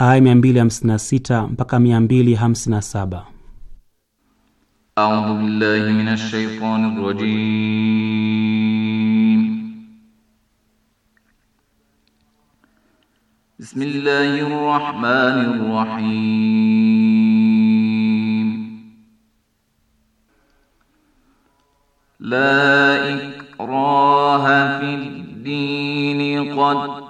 aya 256 mpaka 257. A'udhu billahi minash shaitanir rajim. Bismillahir rahmanir rahim. La ikraha fid din qad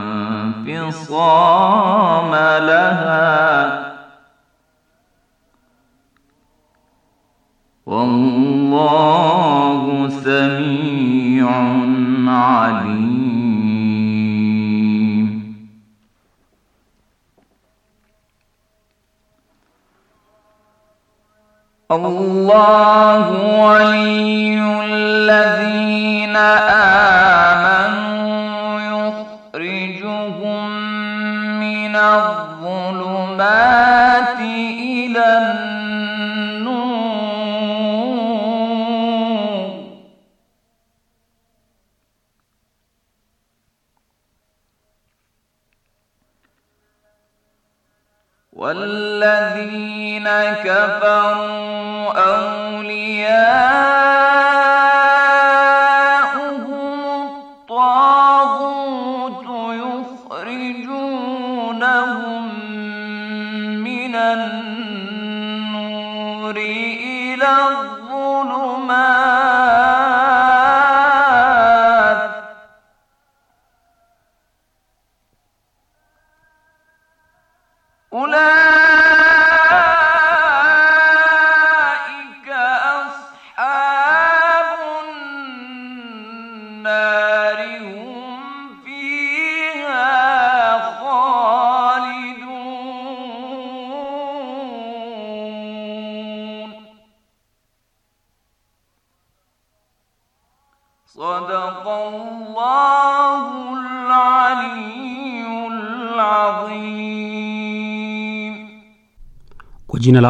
فصام لها والله سميع عليم الله ولي الذين آمنوا الظلمات إلى النور والذين كفروا أولياؤهم الطاغوت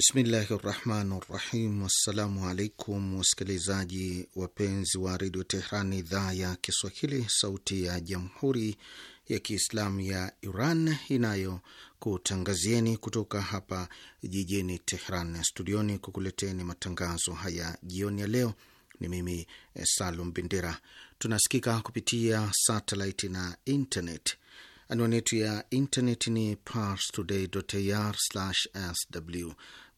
Bismillahi rahmani rahim. Wassalamu alaikum wasikilizaji wapenzi wa redio Tehran, idhaa ya Kiswahili, sauti ya jamhuri ya kiislamu ya Iran inayokutangazieni kutoka hapa jijini Tehran studioni kukuleteni matangazo haya jioni ya leo. Ni mimi eh, Salum bindira Tunasikika kupitia satellite na internet. Anwani yetu ya internet ni parstoday.ir/sw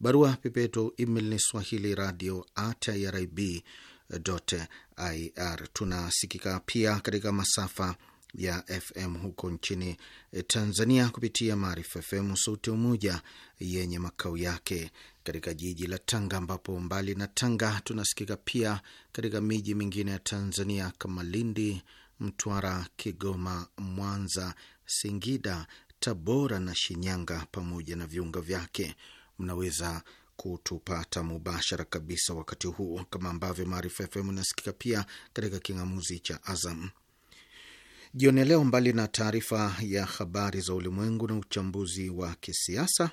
Barua pepeto email ni swahili radio at irib ir. Tunasikika pia katika masafa ya FM huko nchini Tanzania kupitia Maarifa FM Sauti Umoja yenye makao yake katika jiji la Tanga, ambapo mbali na Tanga tunasikika pia katika miji mingine ya Tanzania kama Lindi, Mtwara, Kigoma, Mwanza, Singida, Tabora na Shinyanga pamoja na viunga vyake mnaweza kutupata mubashara kabisa wakati huu, kama ambavyo Maarifa FM inasikika pia katika king'amuzi cha Azam. Jioni ya leo, mbali na taarifa ya habari za ulimwengu na uchambuzi wa kisiasa,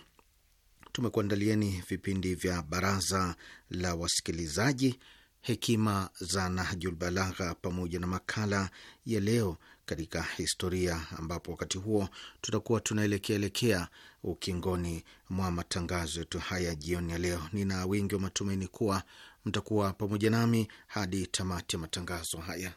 tumekuandalieni vipindi vya baraza la wasikilizaji, hekima za Nahjul Balagha pamoja na makala ya leo katika historia, ambapo wakati huo tutakuwa tunaelekea elekea ukingoni mwa matangazo yetu haya jioni ya leo. Nina wingi wa matumaini kuwa mtakuwa pamoja nami hadi tamati ya matangazo haya.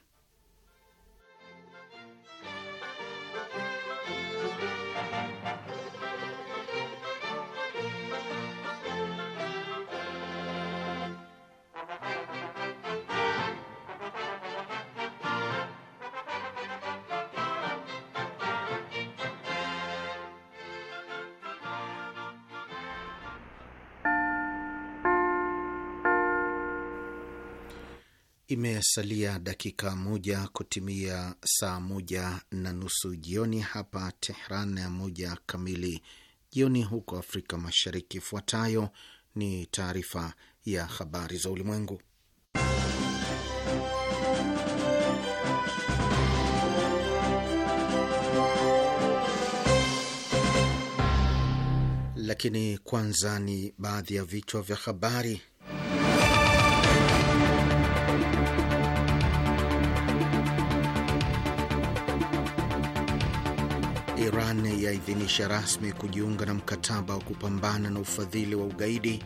Imesalia dakika moja kutimia saa moja na nusu jioni hapa Tehran, ya moja kamili jioni huko Afrika Mashariki. Ifuatayo ni taarifa ya habari za ulimwengu, lakini kwanza ni baadhi ya vichwa vya habari. kuidhinisha rasmi kujiunga na mkataba wa kupambana na ufadhili wa ugaidi.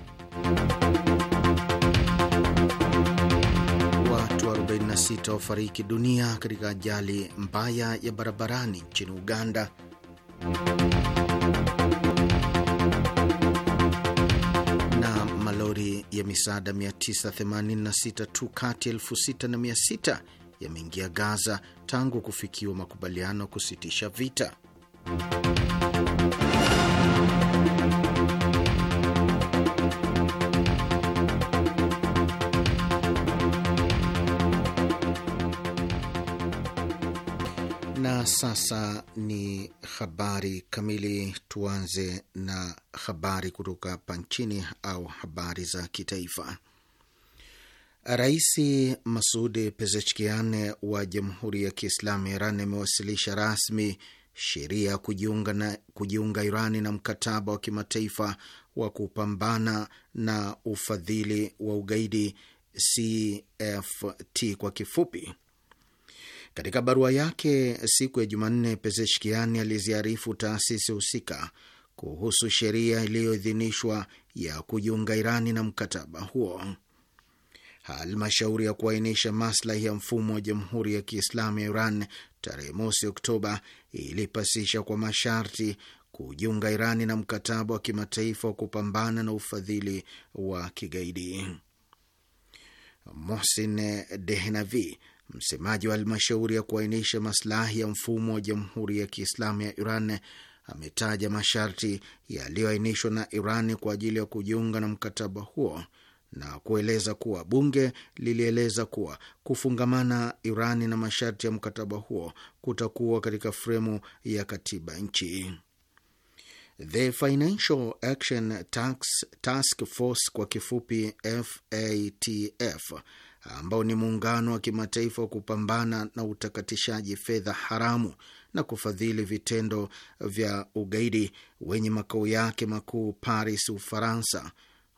Watu 46 wafariki dunia katika ajali mbaya ya barabarani nchini Uganda. Na malori ya misaada 986 tu kati ya 6600 yameingia Gaza tangu kufikiwa makubaliano kusitisha vita. sasa ni habari kamili. Tuanze na habari kutoka hapa nchini au habari za kitaifa. Rais Masudi Pezeshkian wa Jamhuri ya Kiislamu ya Iran amewasilisha rasmi sheria ya kujiunga, na, kujiunga Irani na mkataba wa kimataifa wa kupambana na ufadhili wa ugaidi CFT kwa kifupi katika barua yake siku ya Jumanne, Pezeshkiani aliziarifu taasisi husika kuhusu sheria iliyoidhinishwa ya kujiunga Irani na mkataba huo. Halmashauri ya kuainisha maslahi ya mfumo wa Jamhuri ya Kiislamu ya Iran tarehe mosi Oktoba ilipasisha kwa masharti kujiunga Irani na mkataba wa kimataifa wa kupambana na ufadhili wa kigaidi. Mohsin Dehnavi Msemaji wa halmashauri ya kuainisha masilahi ya mfumo wa jamhuri ya Kiislamu ya Iran ametaja masharti yaliyoainishwa na Iran kwa ajili ya kujiunga na mkataba huo na kueleza kuwa bunge lilieleza kuwa kufungamana Irani na masharti ya mkataba huo kutakuwa katika fremu ya katiba nchi. The Financial Action Tax Task Force kwa kifupi FATF ambao ni muungano wa kimataifa wa kupambana na utakatishaji fedha haramu na kufadhili vitendo vya ugaidi wenye makao yake makuu Paris, Ufaransa,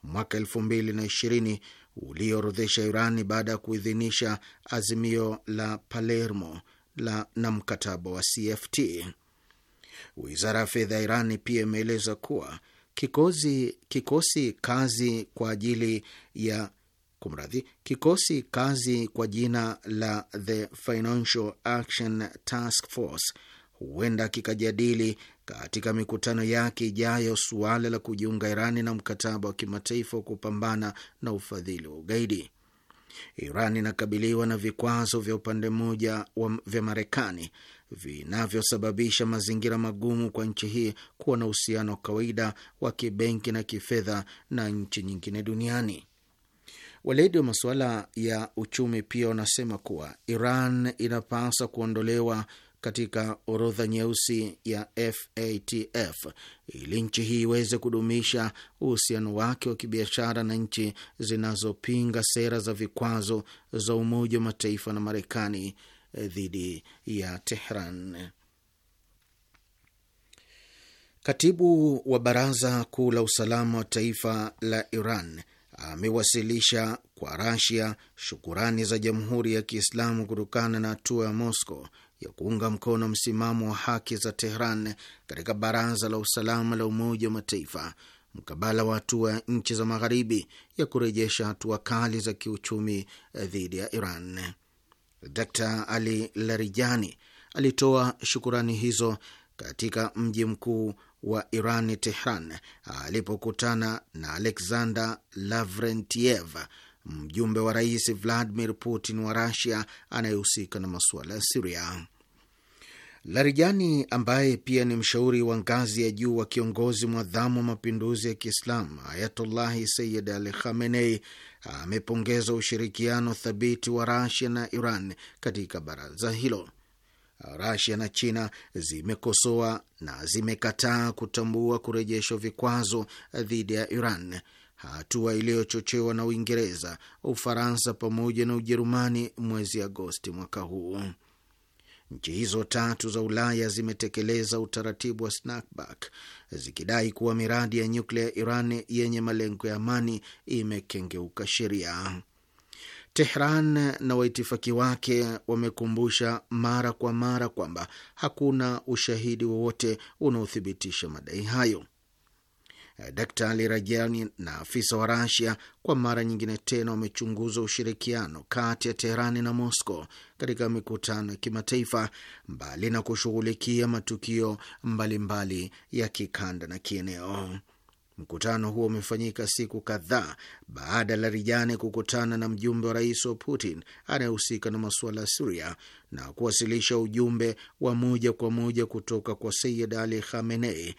mwaka elfu mbili na ishirini ulioorodhesha Irani baada ya kuidhinisha azimio la Palermo la na mkataba wa CFT. Wizara ya fedha ya Irani pia imeeleza kuwa kikosi, kikosi kazi kwa ajili ya Kumradhi, kikosi kazi kwa jina la The Financial Action Task Force huenda kikajadili katika mikutano yake ijayo suala la kujiunga Irani na mkataba wa kimataifa wa kupambana na ufadhili wa ugaidi. Iran inakabiliwa na vikwazo vya upande mmoja vya Marekani vinavyosababisha mazingira magumu kwa nchi hii kuwa na uhusiano wa kawaida wa kibenki na kifedha na nchi nyingine duniani waledi wa masuala ya uchumi pia wanasema kuwa Iran inapaswa kuondolewa katika orodha nyeusi ya FATF ili nchi hii iweze kudumisha uhusiano wake wa kibiashara na nchi zinazopinga sera za vikwazo za Umoja wa Mataifa na Marekani eh, dhidi ya Tehran. Katibu wa Baraza Kuu la Usalama wa Taifa la Iran amewasilisha kwa Rasia shukurani za Jamhuri ya Kiislamu kutokana na hatua ya Moscow ya kuunga mkono msimamo wa haki za Tehran katika Baraza la Usalama la Umoja wa Mataifa mkabala wa hatua ya nchi za Magharibi ya kurejesha hatua kali za kiuchumi eh, dhidi ya Iran. Dr Ali Larijani alitoa shukurani hizo katika mji mkuu wa Irani, Tehran, alipokutana na Alexander Lavrentiev, mjumbe wa rais Vladimir Putin wa Rasia anayehusika na masuala ya Siria. Larijani ambaye pia ni mshauri wa ngazi ya juu wa kiongozi mwadhamu wa mapinduzi ya Kiislamu Ayatullahi Sayyid Ali Khamenei amepongeza ushirikiano thabiti wa Rasia na Iran katika baraza hilo. Rasia na China zimekosoa na zimekataa kutambua kurejeshwa vikwazo dhidi ya Iran, hatua iliyochochewa na Uingereza, Ufaransa pamoja na Ujerumani mwezi Agosti mwaka huu. Nchi hizo tatu za Ulaya zimetekeleza utaratibu wa snapback zikidai kuwa miradi ya nyuklia ya Iran yenye malengo ya amani imekengeuka sheria. Tehran na waitifaki wake wamekumbusha mara kwa mara kwamba hakuna ushahidi wowote unaothibitisha madai hayo. Dkt Ali Rajani na afisa wa Rasia kwa mara nyingine tena wamechunguza ushirikiano kati ya Teherani na Moscow katika mikutano ya kimataifa, mbali na kushughulikia matukio mbalimbali mbali ya kikanda na kieneo. Mkutano huo umefanyika siku kadhaa baada ya Larijani kukutana na mjumbe wa rais wa Putin anayehusika na masuala ya Siria na kuwasilisha ujumbe wa moja kwa moja kutoka kwa Sayid Ali Khamenei,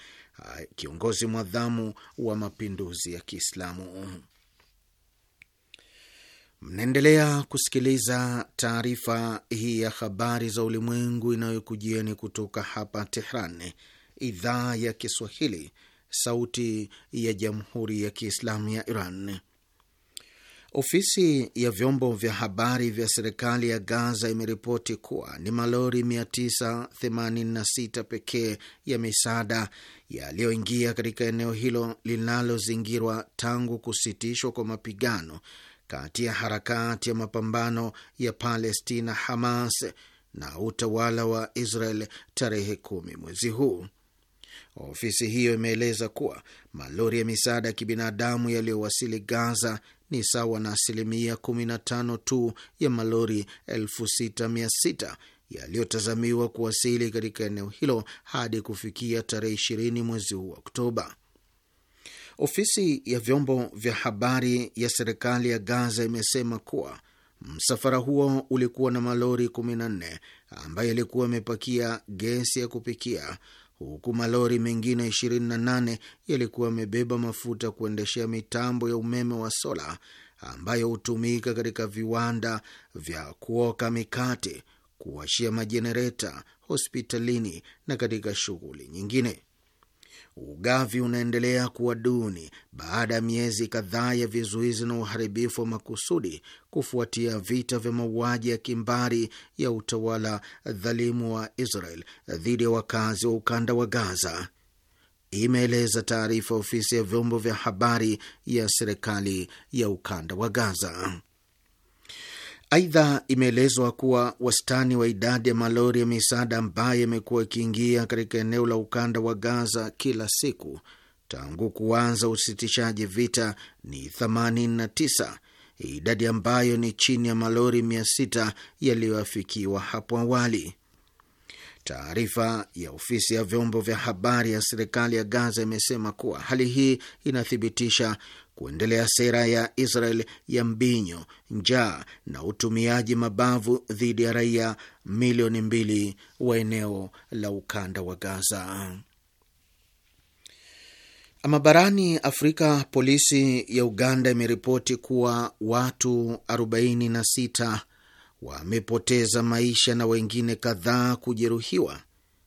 kiongozi mwadhamu wa mapinduzi ya Kiislamu. Mnaendelea kusikiliza taarifa hii ya habari za ulimwengu inayokujieni kutoka hapa Tehran, idhaa ya Kiswahili, Sauti ya Jamhuri ya Kiislamu ya Iran. Ofisi ya vyombo vya habari vya serikali ya Gaza imeripoti kuwa ni malori 986 pekee ya misaada yaliyoingia katika eneo hilo linalozingirwa tangu kusitishwa kwa mapigano kati ya harakati ya mapambano ya Palestina Hamas na utawala wa Israel tarehe kumi mwezi huu. Ofisi hiyo imeeleza kuwa malori ya misaada ya kibinadamu yaliyowasili Gaza ni sawa na asilimia 15 tu ya malori 6600 yaliyotazamiwa kuwasili katika eneo hilo hadi kufikia tarehe 20 mwezi huu wa Oktoba. Ofisi ya vyombo vya habari ya serikali ya Gaza imesema kuwa msafara huo ulikuwa na malori 14 ambayo yalikuwa yamepakia gesi ya kupikia huku malori mengine 28 yalikuwa yamebeba mafuta kuendeshea mitambo ya umeme wa sola ambayo hutumika katika viwanda vya kuoka mikate, kuwashia majenereta hospitalini na katika shughuli nyingine ugavi unaendelea kuwa duni baada ya miezi kadhaa ya vizuizi na uharibifu wa makusudi kufuatia vita vya mauaji ya kimbari ya utawala dhalimu wa Israel dhidi ya wakazi wa ukanda wa Gaza, imeeleza taarifa ofisi ya vyombo vya habari ya serikali ya ukanda wa Gaza. Aidha, imeelezwa kuwa wastani wa idadi ya malori ya misaada ambayo yamekuwa ikiingia katika eneo la ukanda wa Gaza kila siku tangu kuanza usitishaji vita ni 89, idadi ambayo ni chini ya malori 600 yaliyoafikiwa hapo awali. Taarifa ya ofisi ya vyombo vya habari ya serikali ya Gaza imesema kuwa hali hii inathibitisha kuendelea sera ya Israel ya mbinyo, njaa na utumiaji mabavu dhidi ya raia milioni mbili wa eneo la ukanda wa Gaza. Ama barani Afrika, polisi ya Uganda imeripoti kuwa watu 46 wamepoteza maisha na wengine kadhaa kujeruhiwa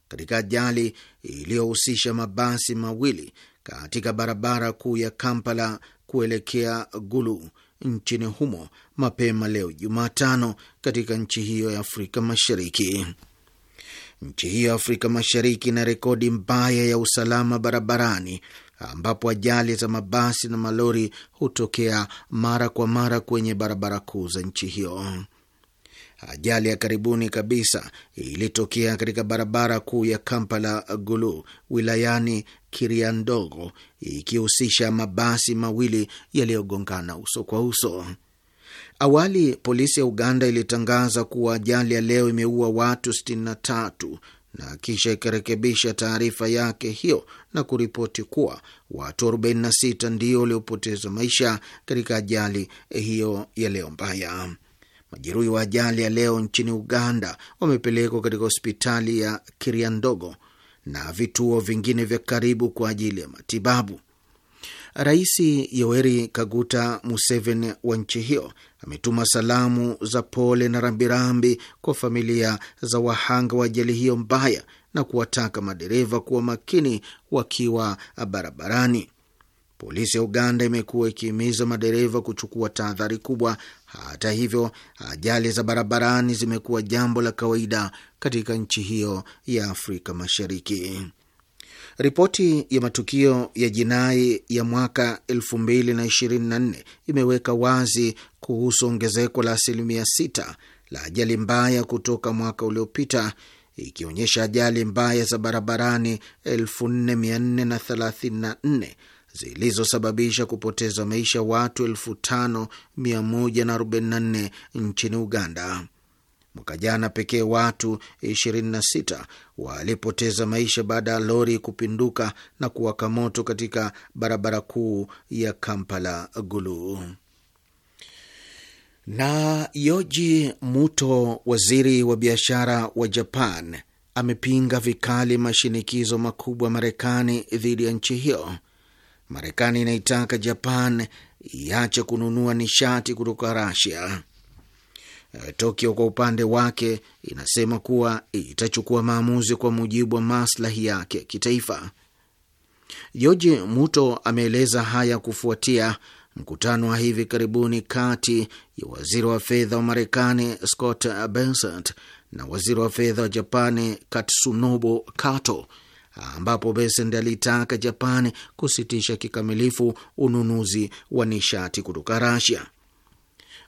katika ajali iliyohusisha mabasi mawili katika barabara kuu ya Kampala kuelekea Gulu nchini humo mapema leo Jumatano katika nchi hiyo ya Afrika Mashariki. Nchi hiyo ya Afrika Mashariki ina rekodi mbaya ya usalama barabarani ambapo ajali za mabasi na malori hutokea mara kwa mara kwenye barabara kuu za nchi hiyo. Ajali ya karibuni kabisa ilitokea katika barabara kuu ya Kampala Gulu wilayani Kiriandogo, ikihusisha mabasi mawili yaliyogongana uso kwa uso. Awali polisi ya Uganda ilitangaza kuwa ajali ya leo imeua watu 63 na kisha ikarekebisha taarifa yake hiyo na kuripoti kuwa watu 46 ndio waliopoteza maisha katika ajali hiyo ya leo mbaya. Majeruhi wa ajali ya leo nchini Uganda wamepelekwa katika hospitali ya Kiriandogo na vituo vingine vya karibu kwa ajili ya matibabu. Rais Yoweri Kaguta Museveni wa nchi hiyo ametuma salamu za pole na rambirambi kwa familia za wahanga wa ajali hiyo mbaya na kuwataka madereva kuwa makini wakiwa barabarani. Polisi ya Uganda imekuwa ikihimiza madereva kuchukua tahadhari kubwa hata hivyo, ajali za barabarani zimekuwa jambo la kawaida katika nchi hiyo ya Afrika Mashariki. Ripoti ya matukio ya jinai ya mwaka 2024 imeweka wazi kuhusu ongezeko la asilimia 6 la ajali mbaya kutoka mwaka uliopita ikionyesha ajali mbaya za barabarani 4434 zilizosababisha kupoteza maisha watu 5144 nchini Uganda. Mwaka jana pekee watu 26 walipoteza maisha baada ya lori kupinduka na kuwaka moto katika barabara kuu ya Kampala Gulu. Na Yoji Muto, waziri wa biashara wa Japan, amepinga vikali mashinikizo makubwa Marekani dhidi ya nchi hiyo Marekani inaitaka Japan iache kununua nishati kutoka Rasia. Eh, Tokyo kwa upande wake inasema kuwa itachukua maamuzi kwa mujibu wa maslahi yake kitaifa. George Muto ameeleza haya kufuatia mkutano wa hivi karibuni kati ya waziri wa fedha wa Marekani Scott Bessent na waziri wa fedha wa Japani Katsunobu Kato ambapo Besent alitaka Japani kusitisha kikamilifu ununuzi wa nishati kutoka Rasia,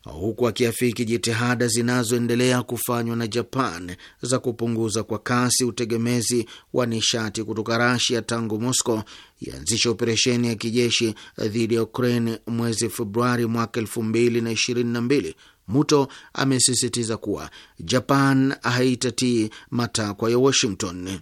huku akiafiki jitihada zinazoendelea kufanywa na Japan za kupunguza kwa kasi utegemezi wa nishati kutoka Rasia tangu Moscow ianzisha operesheni ya kijeshi dhidi ya Ukraine mwezi Februari mwaka elfu mbili na ishirini na mbili. Muto amesisitiza kuwa Japan haitatii matakwa ya Washington.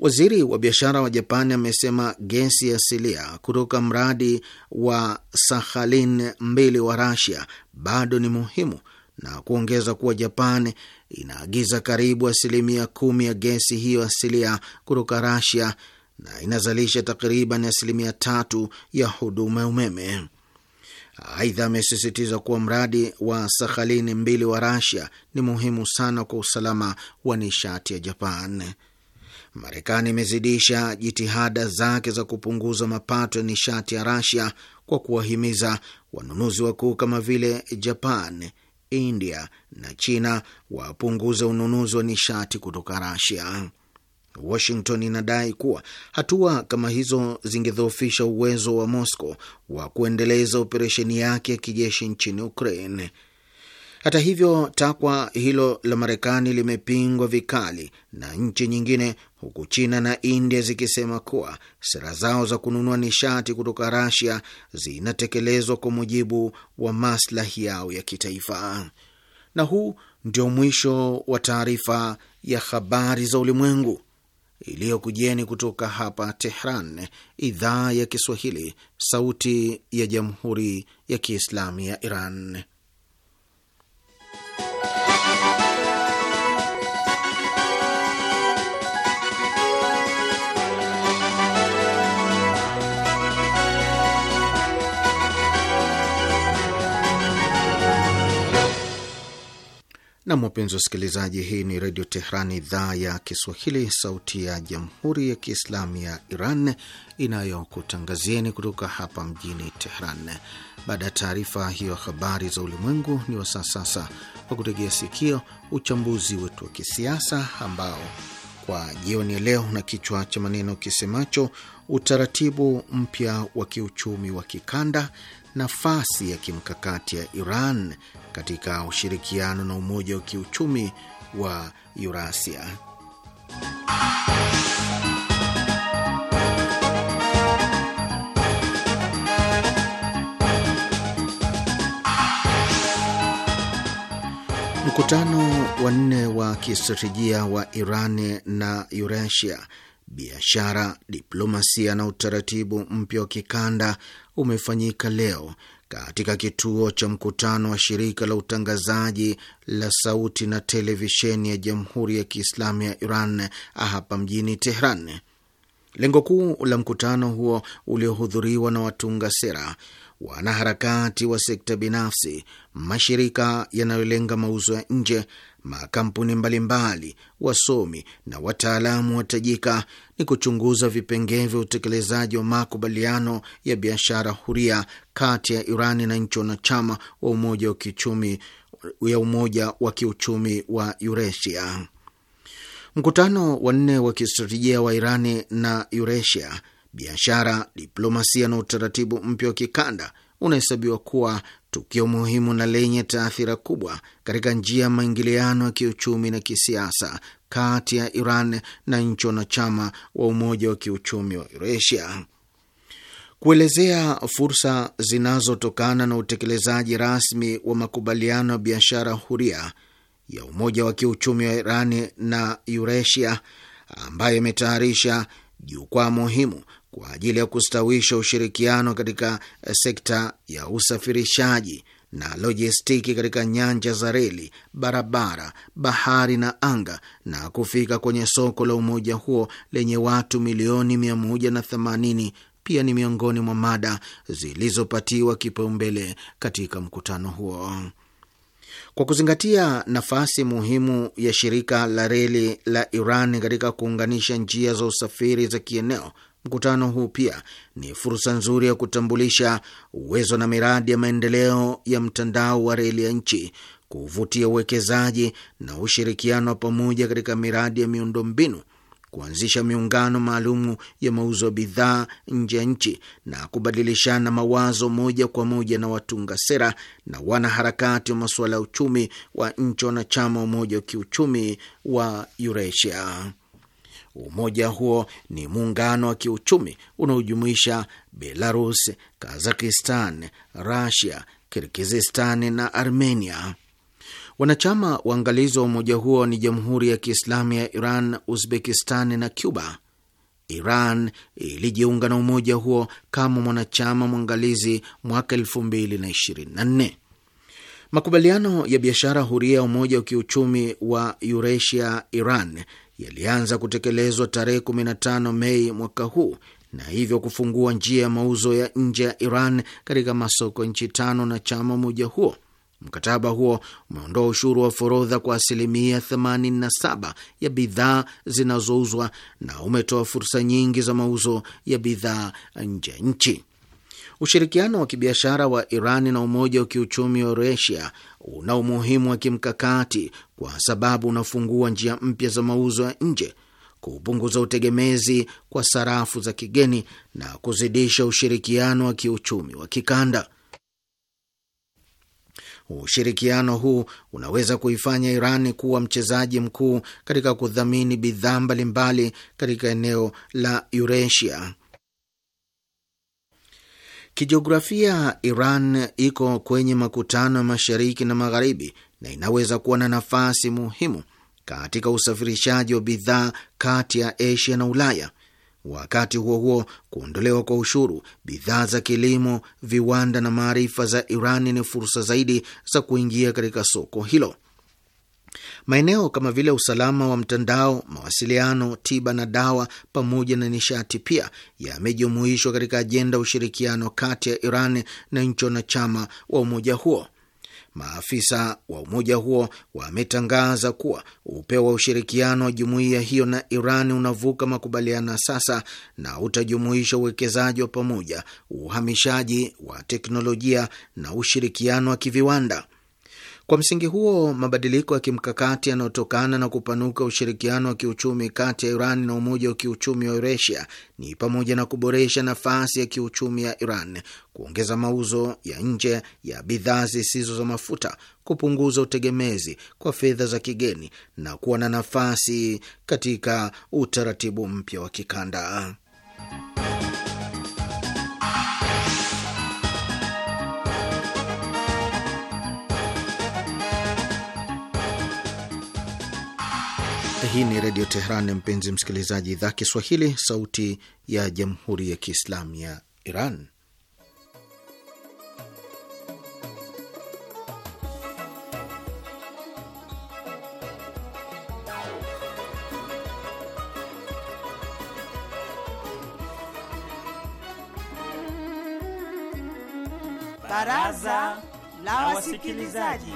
Waziri wa biashara wa Japani amesema gesi asilia kutoka mradi wa Sakhalin mbili wa Rasia bado ni muhimu na kuongeza kuwa Japan inaagiza karibu asilimia kumi ya gesi hiyo asilia kutoka Rasia na inazalisha takriban asilimia tatu ya huduma ya umeme. Aidha, amesisitiza kuwa mradi wa Sakhalini mbili wa Rasia ni muhimu sana kwa usalama wa nishati ya Japan. Marekani imezidisha jitihada zake za kupunguza mapato ya nishati ya Rasia kwa kuwahimiza wanunuzi wakuu kama vile Japan, India na China wapunguze ununuzi wa nishati kutoka Rasia. Washington inadai kuwa hatua kama hizo zingedhoofisha uwezo wa Moscow wa kuendeleza operesheni yake ya kijeshi nchini Ukraine. Hata hivyo, takwa hilo la Marekani limepingwa vikali na nchi nyingine, huku China na India zikisema kuwa sera zao za kununua nishati kutoka Rasia zinatekelezwa kwa mujibu wa maslahi yao ya kitaifa. Na huu ndio mwisho wa taarifa ya habari za ulimwengu iliyokujeni kutoka hapa Tehran, idhaa ya Kiswahili, sauti ya jamhuri ya kiislamu ya Iran. Nam, wapenzi wasikilizaji, hii ni Redio Tehran, idhaa ya Kiswahili, sauti ya Jamhuri ya Kiislamu ya Iran inayokutangazieni kutoka hapa mjini Tehran. Baada ya taarifa hiyo habari za ulimwengu, ni wasaa sasa wa kutegea sikio uchambuzi wetu wa kisiasa ambao kwa jioni ya leo na kichwa cha maneno kisemacho utaratibu mpya wa kiuchumi wa kikanda, nafasi ya kimkakati ya Iran katika ushirikiano na umoja wa kiuchumi wa urasia Mkutano wa nne wa kistratejia wa Iran na Urasia, biashara, diplomasia na utaratibu mpya wa kikanda umefanyika leo katika kituo cha mkutano wa shirika la utangazaji la sauti na televisheni ya Jamhuri ya Kiislamu ya Iran hapa mjini Tehran. Lengo kuu la mkutano huo uliohudhuriwa na watunga sera wanaharakati wa sekta binafsi, mashirika yanayolenga mauzo ya nje, makampuni mbalimbali, wasomi na wataalamu watajika ni kuchunguza vipengee vya utekelezaji wa makubaliano ya biashara huria kati ya Irani na nchi wanachama wa umoja wa kiuchumi ya umoja wa kiuchumi wa Eurasia. Mkutano wa nne wa kistratejia wa Irani na Eurasia biashara, diplomasia na utaratibu mpya wa kikanda unahesabiwa kuwa tukio muhimu na lenye taathira kubwa katika njia ya maingiliano ya kiuchumi na kisiasa kati ya Iran na nchi wanachama wa Umoja wa Kiuchumi wa Eurasia. Kuelezea fursa zinazotokana na utekelezaji rasmi wa makubaliano ya biashara huria ya Umoja wa Kiuchumi wa Iran na Eurasia ambayo imetayarisha jukwaa muhimu kwa ajili ya kustawisha ushirikiano katika eh, sekta ya usafirishaji na lojistiki katika nyanja za reli, barabara, bahari na anga na kufika kwenye soko la umoja huo lenye watu milioni 180 pia ni miongoni mwa mada zilizopatiwa kipaumbele katika mkutano huo. Kwa kuzingatia nafasi muhimu ya shirika la reli la Iran katika kuunganisha njia za usafiri za kieneo Mkutano huu pia ni fursa nzuri ya kutambulisha uwezo na miradi ya maendeleo ya mtandao wa reli ya nchi, kuvutia uwekezaji na ushirikiano wa pamoja katika miradi ya miundombinu, kuanzisha miungano maalumu ya mauzo ya bidhaa nje ya nchi na kubadilishana mawazo moja kwa moja na watunga sera na wanaharakati wa masuala ya uchumi wa nchi wanachama wa Umoja wa Kiuchumi wa Eurasia. Umoja huo ni muungano wa kiuchumi unaojumuisha Belarus, Kazakistan, Rusia, Kirgizistan na Armenia. Wanachama waangalizi wa umoja huo ni Jamhuri ya Kiislamu ya Iran, Uzbekistan na Cuba. Iran ilijiunga na umoja huo kama mwanachama mwangalizi mwaka 2024. Makubaliano ya biashara huria ya umoja wa kiuchumi wa Eurasia Iran yalianza kutekelezwa tarehe 15 Mei mwaka huu na hivyo kufungua njia ya mauzo ya nje ya Iran katika masoko nchi tano na chama moja huo. Mkataba huo umeondoa ushuru wa forodha kwa asilimia 87 ya bidhaa zinazouzwa na umetoa fursa nyingi za mauzo ya bidhaa nje ya nchi. Ushirikiano wa kibiashara wa Iran na Umoja wa Kiuchumi wa Eurasia una umuhimu wa kimkakati kwa sababu unafungua njia mpya za mauzo ya nje, kupunguza utegemezi kwa sarafu za kigeni na kuzidisha ushirikiano wa kiuchumi wa kikanda. Ushirikiano huu unaweza kuifanya Irani kuwa mchezaji mkuu katika kudhamini bidhaa mbalimbali katika eneo la Eurasia Kijiografia, Iran iko kwenye makutano ya mashariki na magharibi na inaweza kuwa na nafasi muhimu katika usafirishaji wa bidhaa kati ya Asia na Ulaya. Wakati huo huo, kuondolewa kwa ushuru, bidhaa za kilimo, viwanda na maarifa za Iran ni fursa zaidi za kuingia katika soko hilo. Maeneo kama vile usalama wa mtandao, mawasiliano, tiba na dawa, pamoja na nishati pia yamejumuishwa katika ajenda ya ushirikiano kati ya Iran na nchi wanachama wa umoja huo. Maafisa wa umoja huo wametangaza kuwa upeo wa ushirikiano wa jumuiya hiyo na Iran unavuka makubaliano ya sasa na utajumuisha uwekezaji wa pamoja, uhamishaji wa teknolojia na ushirikiano wa kiviwanda. Kwa msingi huo, mabadiliko ya kimkakati yanayotokana na kupanuka ushirikiano wa kiuchumi kati ya Iran na Umoja wa Kiuchumi wa Eurasia ni pamoja na kuboresha nafasi ya kiuchumi ya Iran, kuongeza mauzo ya nje ya bidhaa zisizo za mafuta, kupunguza utegemezi kwa fedha za kigeni na kuwa na nafasi katika utaratibu mpya wa kikanda. Hii ni Redio Teheran, mpenzi msikilizaji, idhaa Kiswahili, sauti ya jamhuri ya kiislamu ya Iran. Baraza la Wasikilizaji.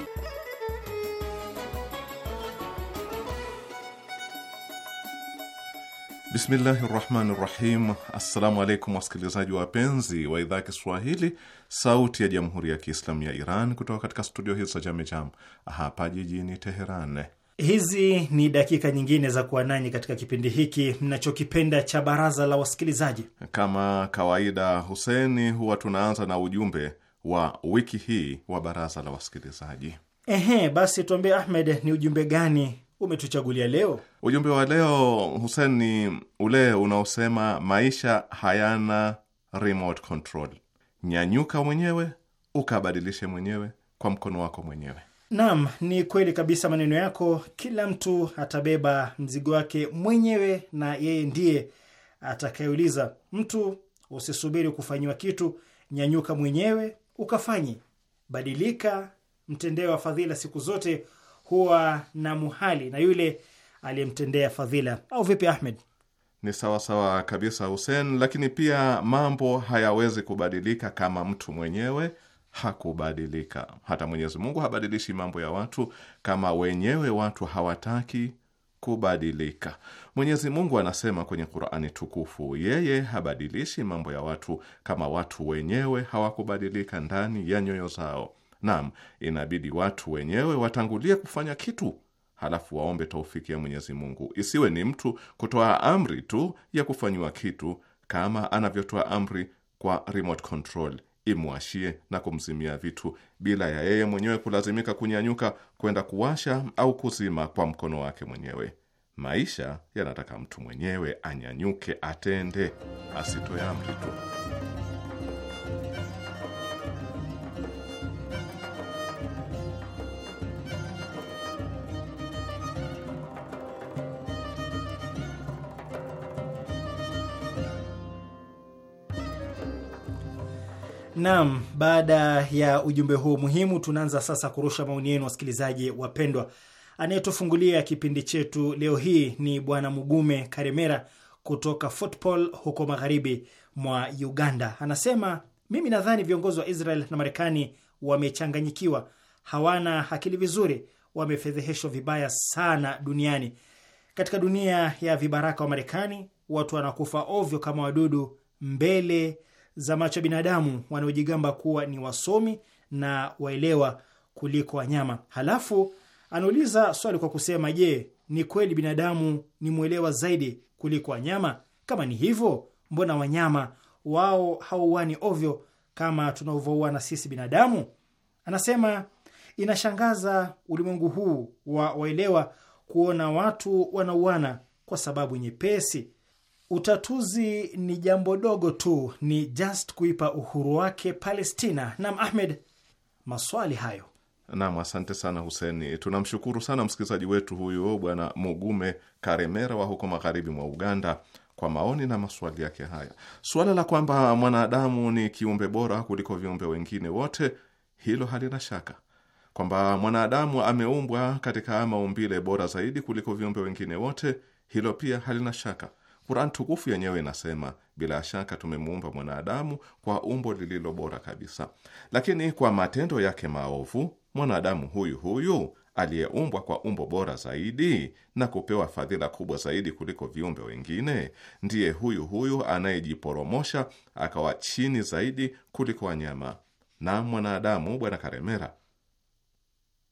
Bismillahi rahmani rahim. Assalamu alaikum wasikilizaji wapenzi wa idhaa ya Kiswahili sauti ya jamhuri ya Kiislamu ya Iran kutoka katika studio hizi za Jamejam hapa jijini Teheran. Hizi ni dakika nyingine za kuwa nanyi katika kipindi hiki mnachokipenda cha baraza la wasikilizaji. Kama kawaida, Huseni, huwa tunaanza na ujumbe wa wiki hii wa baraza la wasikilizaji. Ehe, basi tuambie Ahmed, ni ujumbe gani umetuchagulia leo. Ujumbe wa leo Hussein, ni ule unaosema maisha hayana remote control. Nyanyuka mwenyewe ukabadilishe mwenyewe kwa mkono wako mwenyewe. Naam, ni kweli kabisa maneno yako. Kila mtu atabeba mzigo wake mwenyewe na yeye ndiye atakayeuliza. Mtu usisubiri kufanyiwa kitu, nyanyuka mwenyewe ukafanye. Badilika, mtendee wa fadhila siku zote huwa na muhali na yule aliyemtendea fadhila, au vipi Ahmed? Ni sawa sawa kabisa Hussein, lakini pia mambo hayawezi kubadilika kama mtu mwenyewe hakubadilika. Hata Mwenyezi Mungu habadilishi mambo ya watu kama wenyewe watu hawataki kubadilika. Mwenyezi Mungu anasema kwenye Qur'ani tukufu, yeye habadilishi mambo ya watu kama watu wenyewe hawakubadilika ndani ya nyoyo zao. Naam, inabidi watu wenyewe watangulie kufanya kitu, halafu waombe taufiki ya Mwenyezi Mungu. Isiwe ni mtu kutoa amri tu ya kufanyiwa kitu, kama anavyotoa amri kwa remote control imwashie na kumzimia vitu bila ya yeye mwenyewe kulazimika kunyanyuka kwenda kuwasha au kuzima kwa mkono wake mwenyewe. Maisha yanataka mtu mwenyewe anyanyuke, atende, asitoe amri tu. Naam, baada ya ujumbe huo muhimu, tunaanza sasa kurusha maoni yenu, wasikilizaji wapendwa. Anayetufungulia kipindi chetu leo hii ni Bwana Mugume Karemera kutoka Football huko magharibi mwa Uganda. Anasema, mimi nadhani viongozi wa Israel na Marekani wamechanganyikiwa, hawana akili vizuri, wamefedheheshwa vibaya sana duniani. Katika dunia ya vibaraka wa Marekani watu wanakufa ovyo kama wadudu mbele za macho ya binadamu wanaojigamba kuwa ni wasomi na waelewa kuliko wanyama. Halafu anauliza swali kwa kusema, je, ni kweli binadamu ni mwelewa zaidi kuliko wanyama? Kama ni hivyo, mbona wanyama wao hauani ovyo kama tunavyouana sisi binadamu? Anasema inashangaza ulimwengu huu wa waelewa kuona watu wanauana kwa sababu nyepesi Utatuzi ni jambo dogo tu, ni just kuipa uhuru wake Palestina. Nam Ahmed, maswali hayo. Nam, asante sana Huseni. Tunamshukuru sana msikilizaji wetu huyu oh, Bwana Mugume Karemera wa huko magharibi mwa Uganda kwa maoni na maswali yake haya. Suala la kwamba mwanadamu ni kiumbe bora kuliko viumbe wengine wote, hilo halina shaka kwamba mwanadamu ameumbwa katika maumbile bora zaidi kuliko viumbe wengine wote, hilo pia halina shaka. Quran tukufu yenyewe inasema, bila shaka tumemuumba mwanadamu kwa umbo lililo bora kabisa, lakini kwa matendo yake maovu mwanadamu huyu huyu aliyeumbwa kwa umbo bora zaidi na kupewa fadhila kubwa zaidi kuliko viumbe wengine, ndiye huyu huyu anayejiporomosha akawa chini zaidi kuliko wanyama na mwanadamu. Bwana Karemera,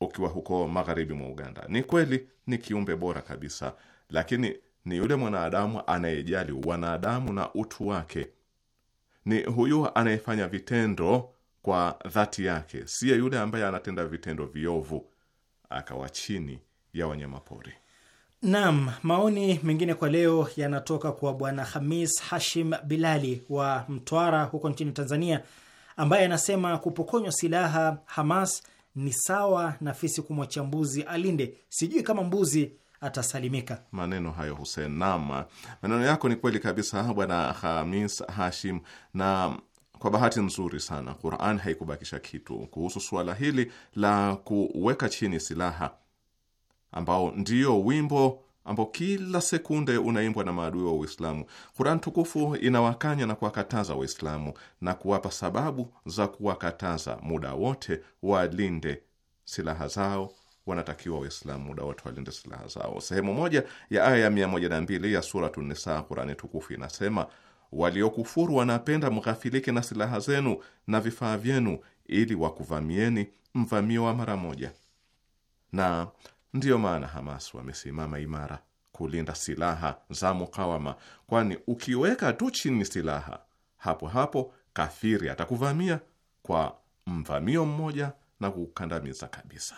ukiwa huko magharibi mwa Uganda, ni kweli ni kiumbe bora kabisa, lakini ni yule mwanadamu anayejali wanadamu na utu wake. Ni huyu anayefanya vitendo kwa dhati yake, siye yule ambaye anatenda vitendo viovu akawa chini ya wanyamapori. Naam, maoni mengine kwa leo yanatoka kwa Bwana Hamis Hashim Bilali wa Mtwara huko nchini Tanzania, ambaye anasema kupokonywa silaha Hamas ni sawa na fisi kumwacha mbuzi alinde. Sijui kama mbuzi atasalimika. Maneno hayo Hussein Nama, maneno yako ni kweli kabisa Bwana Hamis Hashim, na kwa bahati nzuri sana Quran haikubakisha kitu kuhusu suala hili la kuweka chini silaha, ambao ndio wimbo ambao kila sekunde unaimbwa na maadui wa Uislamu. Quran tukufu inawakanya na kuwakataza Waislamu na kuwapa sababu za kuwakataza muda wote walinde silaha zao wanatakiwa Waislamu muda wote walinde silaha zao. Sehemu moja ya aya ya mia moja na mbili ya Suratu Nisa, Kurani tukufu inasema, waliokufuru wanapenda mghafilike na silaha zenu na vifaa vyenu, ili wakuvamieni mvamio wa mara moja. Na ndiyo maana Hamas wamesimama imara kulinda silaha za mukawama, kwani ukiweka tu chini silaha, hapo hapo kafiri atakuvamia kwa mvamio mmoja na kukandamiza kabisa.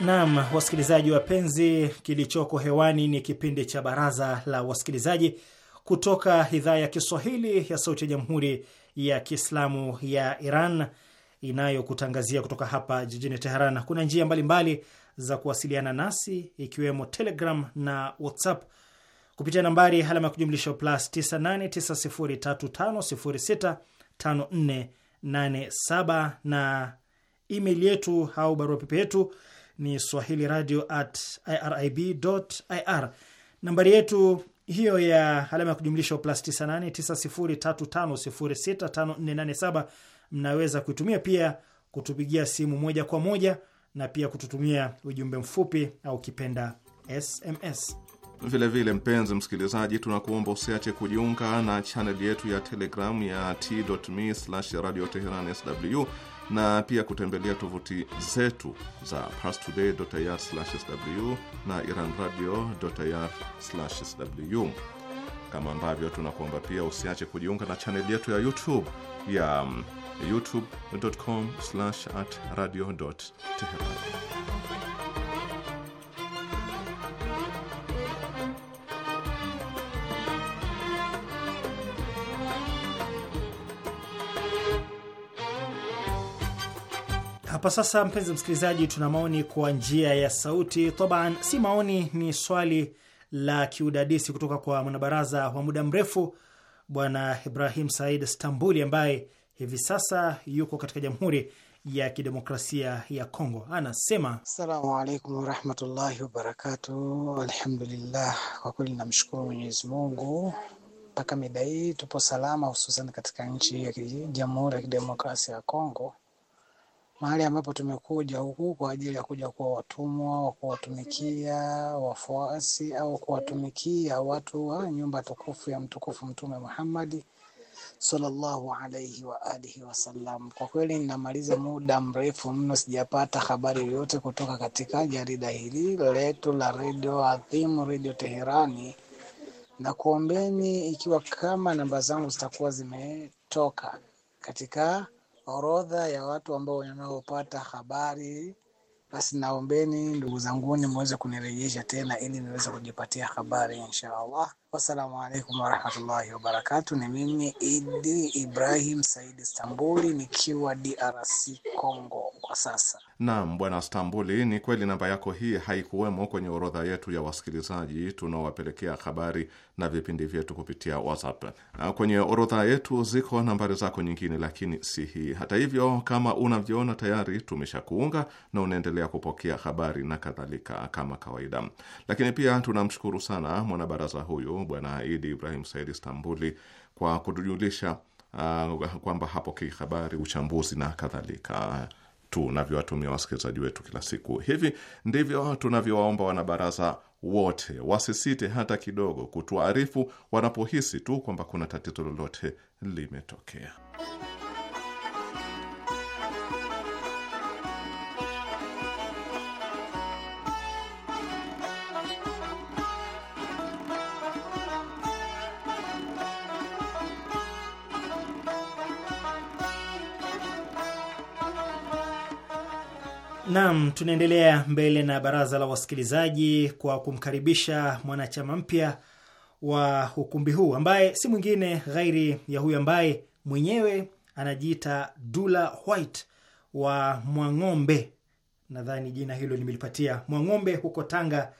Nam, wasikilizaji wapenzi, kilichoko hewani ni kipindi cha Baraza la Wasikilizaji kutoka idhaa ya Kiswahili ya Sauti ya Jamhuri ya Kiislamu ya Iran inayokutangazia kutoka hapa jijini Teheran. Kuna njia mbalimbali mbali za kuwasiliana nasi ikiwemo Telegram na WhatsApp kupitia nambari alama ya kujumlisha plus 989035065487 na email yetu au barua pepe yetu ni swahili radio at irib ir. Nambari yetu hiyo ya alama ya kujumlisha plus 989035065487 mnaweza kuitumia pia kutupigia simu moja kwa moja na pia kututumia ujumbe mfupi au kipenda SMS. Vilevile vile, mpenzi msikilizaji, tunakuomba usiache kujiunga na chaneli yetu ya Telegram ya t.me/radio teheran sw na pia kutembelea tovuti zetu za parstoday.ir/sw na iranradio.ir/sw, kama ambavyo tunakuomba pia usiache kujiunga na chaneli yetu ya YouTube ya mm, youtube.com/@radio.teheran. Hapa sasa, mpenzi msikilizaji, tuna maoni kwa njia ya sauti Toban si maoni, ni swali la kiudadisi kutoka kwa mwanabaraza wa muda mrefu Bwana Ibrahim Said Stambuli ambaye hivi sasa yuko katika Jamhuri ya Kidemokrasia ya Kongo. Anasema assalamu alaikum warahmatullahi wabarakatuh. Alhamdulillah, kwa kweli namshukuru Mwenyezi Mungu mpaka mida hii tupo salama, hususan katika nchi ya Jamhuri ya Kidemokrasia ya Kongo mahali ambapo tumekuja huku kwa ajili ya kuja kuwa watumwa wa kuwatumikia wafuasi au kuwatumikia watu wa nyumba tukufu ya mtukufu Mtume Muhammad sallallahu alaihi wa alihi wasallam. Kwa kweli ninamaliza muda mrefu mno, sijapata habari yoyote kutoka katika jarida hili letu la redio adhimu, Redio Teherani, na kuombeni ikiwa kama namba zangu zitakuwa zimetoka katika orodha ya watu ambao wanaopata habari. Basi naombeni ndugu zanguni muweze kunirejesha tena, ili niweze kujipatia habari insha Allah. Wassalamu alaikum warahmatullahi wabarakatu. Ni mimi Idi Ibrahim Saidi Stambuli nikiwa DRC Congo kwa sasa. Naam, Bwana Stambuli, ni kweli namba yako hii haikuwemo kwenye orodha yetu ya wasikilizaji tunaowapelekea habari na vipindi vyetu kupitia WhatsApp. Ah, kwenye orodha yetu ziko nambari zako nyingine, lakini si hii. Hata hivyo, kama unavyoona tayari tumeshakuunga na unaendelea kupokea habari na kadhalika kama kawaida. Lakini pia tunamshukuru sana mwanabaraza huyu Bwana Idi Ibrahim Said Istambuli kwa kutujulisha uh, kwamba hapo kihabari, uchambuzi na kadhalika tunavyowatumia wasikilizaji wetu kila siku. Hivi ndivyo tunavyowaomba wanabaraza wote wasisite hata kidogo kutuarifu wanapohisi tu kwamba kuna tatizo lolote limetokea. Naam, tunaendelea mbele na baraza la wasikilizaji kwa kumkaribisha mwanachama mpya wa ukumbi huu ambaye si mwingine ghairi ya huyu ambaye mwenyewe anajiita Dula White wa Mwang'ombe. Nadhani jina hilo nimelipatia, Mwang'ombe huko Tanga,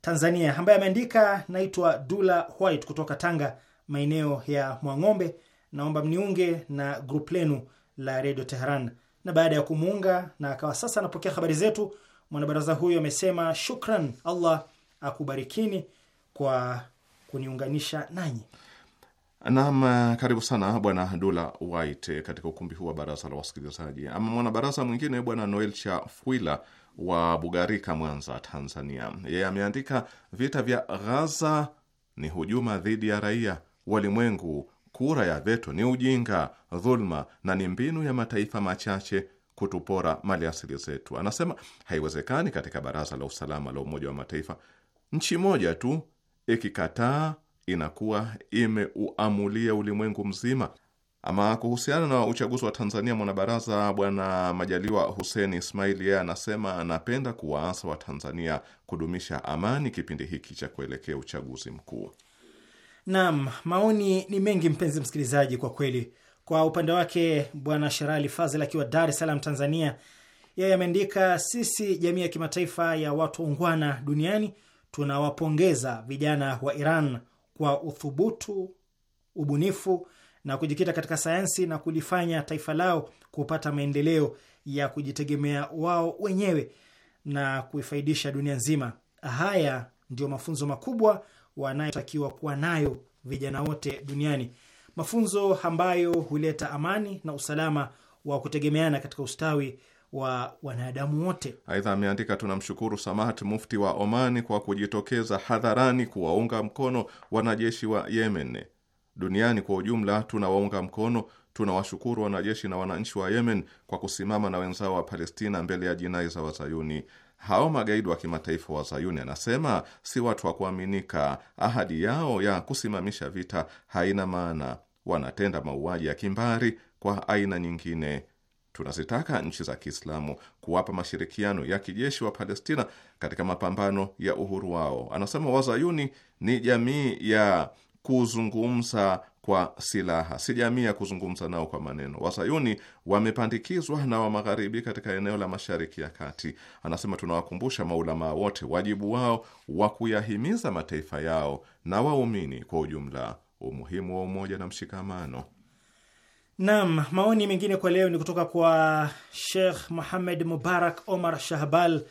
Tanzania, ambaye ameandika naitwa Dula White kutoka Tanga, maeneo ya Mwang'ombe. Naomba mniunge na grup lenu la Radio Tehran na baada ya kumuunga na akawa sasa anapokea habari zetu, mwanabaraza huyo amesema shukran, Allah akubarikini kwa kuniunganisha nanyi. Naam, karibu sana bwana Dula White katika ukumbi huu wa baraza la wasikilizaji. Ama mwanabaraza mwingine bwana Noel Fuila wa Bugarika, Mwanza, Tanzania, yeye ameandika vita vya Ghaza ni hujuma dhidi ya raia walimwengu kura ya veto ni ujinga, dhuluma na ni mbinu ya mataifa machache kutupora mali asili zetu. Anasema haiwezekani katika Baraza la Usalama la Umoja wa Mataifa nchi moja tu ikikataa inakuwa imeuamulia ulimwengu mzima. Ama kuhusiana na uchaguzi wa Tanzania, mwanabaraza Bwana Majaliwa Hussein Ismail yeye anasema anapenda kuwaasa Watanzania kudumisha amani kipindi hiki cha kuelekea uchaguzi mkuu. Naam, maoni ni mengi mpenzi msikilizaji, kwa kweli. Kwa upande wake bwana Sherali Fazil akiwa Dar es Salaam, Tanzania, yeye ameandika, sisi jamii ya kimataifa ya watu ungwana duniani tunawapongeza vijana wa Iran kwa uthubutu, ubunifu na kujikita katika sayansi na kulifanya taifa lao kupata maendeleo ya kujitegemea wao wenyewe na kuifaidisha dunia nzima. Haya ndio mafunzo makubwa wanayotakiwa kuwa nayo vijana wote duniani, mafunzo ambayo huleta amani na usalama wa kutegemeana katika ustawi wa wanadamu wote. Aidha ameandika tunamshukuru Samahat mufti wa Omani kwa kujitokeza hadharani kuwaunga mkono wanajeshi wa Yemen. Duniani kwa ujumla tunawaunga mkono, tunawashukuru wanajeshi na wananchi wa Yemen kwa kusimama na wenzao wa Palestina mbele ya jinai za Wazayuni hao magaidi wa kimataifa wa Zayuni, anasema si watu wa kuaminika. Ahadi yao ya kusimamisha vita haina maana, wanatenda mauaji ya kimbari kwa aina nyingine. Tunazitaka nchi za Kiislamu kuwapa mashirikiano ya kijeshi wa Palestina katika mapambano ya uhuru wao. Anasema Wazayuni ni jamii ya kuzungumza kwa silaha, si jamii ya kuzungumza nao kwa maneno. Wasayuni wamepandikizwa na wa magharibi katika eneo la mashariki ya kati. Anasema, tunawakumbusha maulamaa wote wajibu wao wa kuyahimiza mataifa yao na waumini kwa ujumla umuhimu wa umoja na mshikamano. Naam, maoni mengine kwa leo ni kutoka kwa Sheikh Muhamed Mubarak Omar Shahbal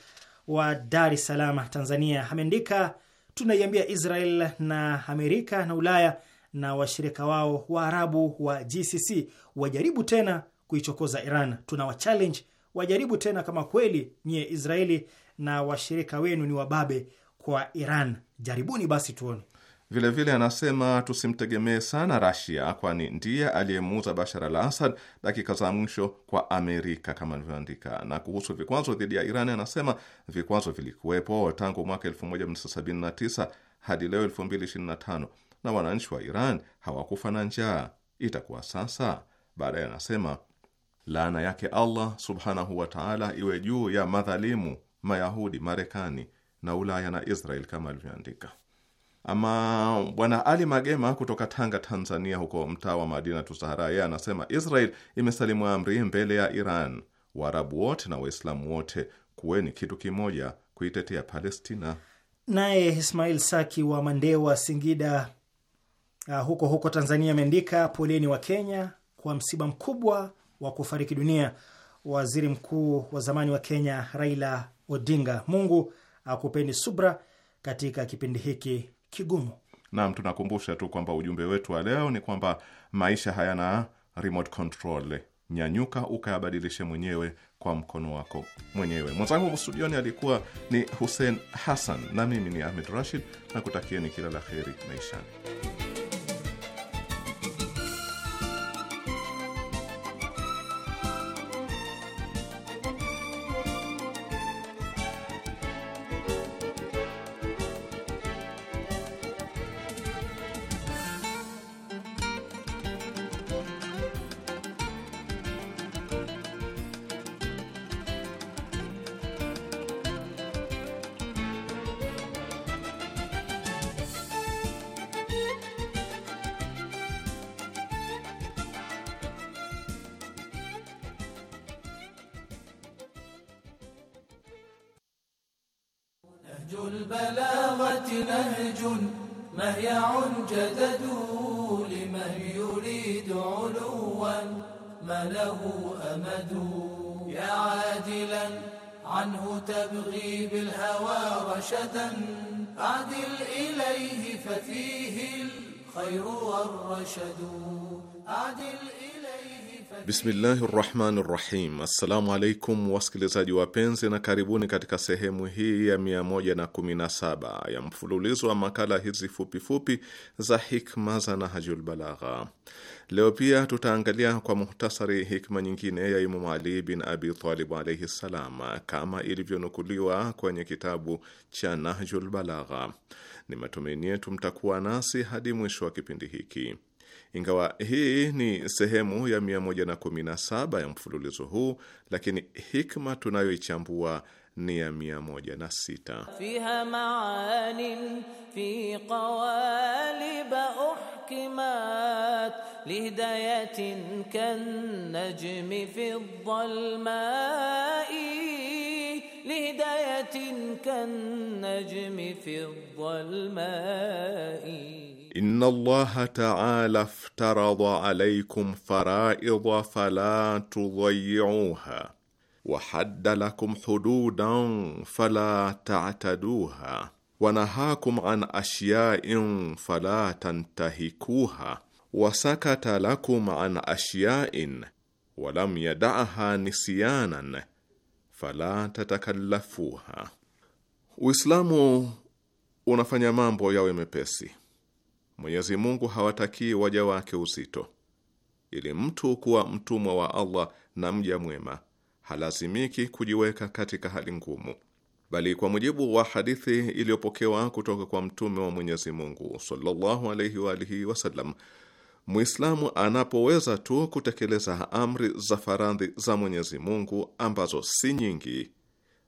wa Dar es Salaam, Tanzania. Ameandika, tunaiambia Israel na Amerika na Ulaya na washirika wao arabu wa GCC wajaribu tena kuichokoza Iran. Tuna wachallenge wajaribu tena kama kweli nyie Israeli na washirika wenu ni wababe kwa Iran, jaribuni basi tuone. Vilevile vile anasema tusimtegemee sana Rasia, kwani ndiye aliyemuuza Bashar al Assad dakika za mwisho kwa Amerika kama alivyoandika. Na kuhusu vikwazo dhidi ya Iran anasema vikwazo vilikuwepo tangu mwaka 1979 hadi leo 2025 na wananchi wa Iran hawakufa na njaa, itakuwa sasa? Baadaye anasema laana yake Allah subhanahu wa taala iwe juu ya madhalimu Mayahudi, Marekani na Ulaya na Israel kama alivyoandika. Ama bwana Ali Magema kutoka Tanga, Tanzania, huko mtaa wa Madina Tusahara, yeye anasema Israel imesalimu amri mbele ya Iran. Waarabu wote na Waislamu wote kuweni kitu kimoja kuitetea Palestina. Naye Ismail Saki wa Mandewa, Singida, uh, huko huko Tanzania ameandika poleni wa Kenya kwa msiba mkubwa wa kufariki dunia waziri mkuu wa zamani wa Kenya Raila Odinga. Mungu akupeni subra katika kipindi hiki kigumu. Naam, tunakumbusha tu kwamba ujumbe wetu wa leo ni kwamba maisha hayana remote control. Nyanyuka ukayabadilishe mwenyewe kwa mkono wako mwenyewe. Mwenzangu studioni alikuwa ni Hussein Hassan na mimi ni Ahmed Rashid, na kutakieni kila la heri maishani. Bismillahi rahmani rahim. Assalamu alaikum wasikilizaji wapenzi, na karibuni katika sehemu hii ya 117 ya mfululizo wa makala hizi fupifupi za hikma za Nahjul Balagha. Leo pia tutaangalia kwa muhtasari hikma nyingine ya Imamu Ali bin Abi Talib alaihi ssalam, kama ilivyonukuliwa kwenye kitabu cha Nahjul Balagha. Ni matumaini yetu mtakuwa nasi hadi mwisho wa kipindi hiki. Ingawa hii ni sehemu ya 117 ya mfululizo huu, lakini hikma tunayoichambua ni ya 106 fiha maanin fi qawalib uhkimat lihidayatin kan najmi fi dhalmai lihidayatin kan najmi fi dhalmai inna allaha taala ftaradha alaikum faraidha fala tudhayiuha wa hadda lakum hududan fala ta'taduha wa nahakum an ashya'in fala tantahikuha wa sakata lakum an ashya'in wa lam yad'aha nisyanan fala tatakallafuha. Uislamu unafanya mambo yawe mepesi Mwenyezi Mungu hawatakii waja wake uzito, ili mtu kuwa mtumwa wa Allah na mja mwema halazimiki kujiweka katika hali ngumu, bali kwa mujibu wa hadithi iliyopokewa kutoka kwa mtume wa Mwenyezi Mungu sallallahu alaihi wa alihi wasallam, Muislamu anapoweza tu kutekeleza amri za faradhi za Mwenyezi Mungu ambazo si nyingi,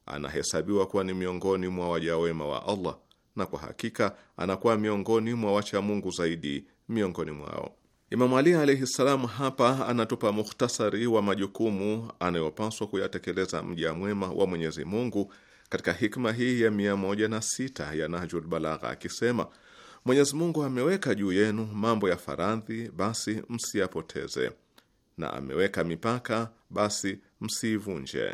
anahesabiwa kuwa ni miongoni mwa waja wema wa Allah na kwa hakika anakuwa miongoni mwa wachamungu zaidi miongoni mwao. Imamu Ali alaihi ssalam hapa anatupa mukhtasari wa majukumu anayopaswa kuyatekeleza mja mwema wa Mwenyezi Mungu katika hikma hii ya mia moja na sita ya Nahjul Balagha akisema, Mwenyezi Mungu ameweka juu yenu mambo ya faradhi, basi msiyapoteze, na ameweka mipaka, basi msiivunje,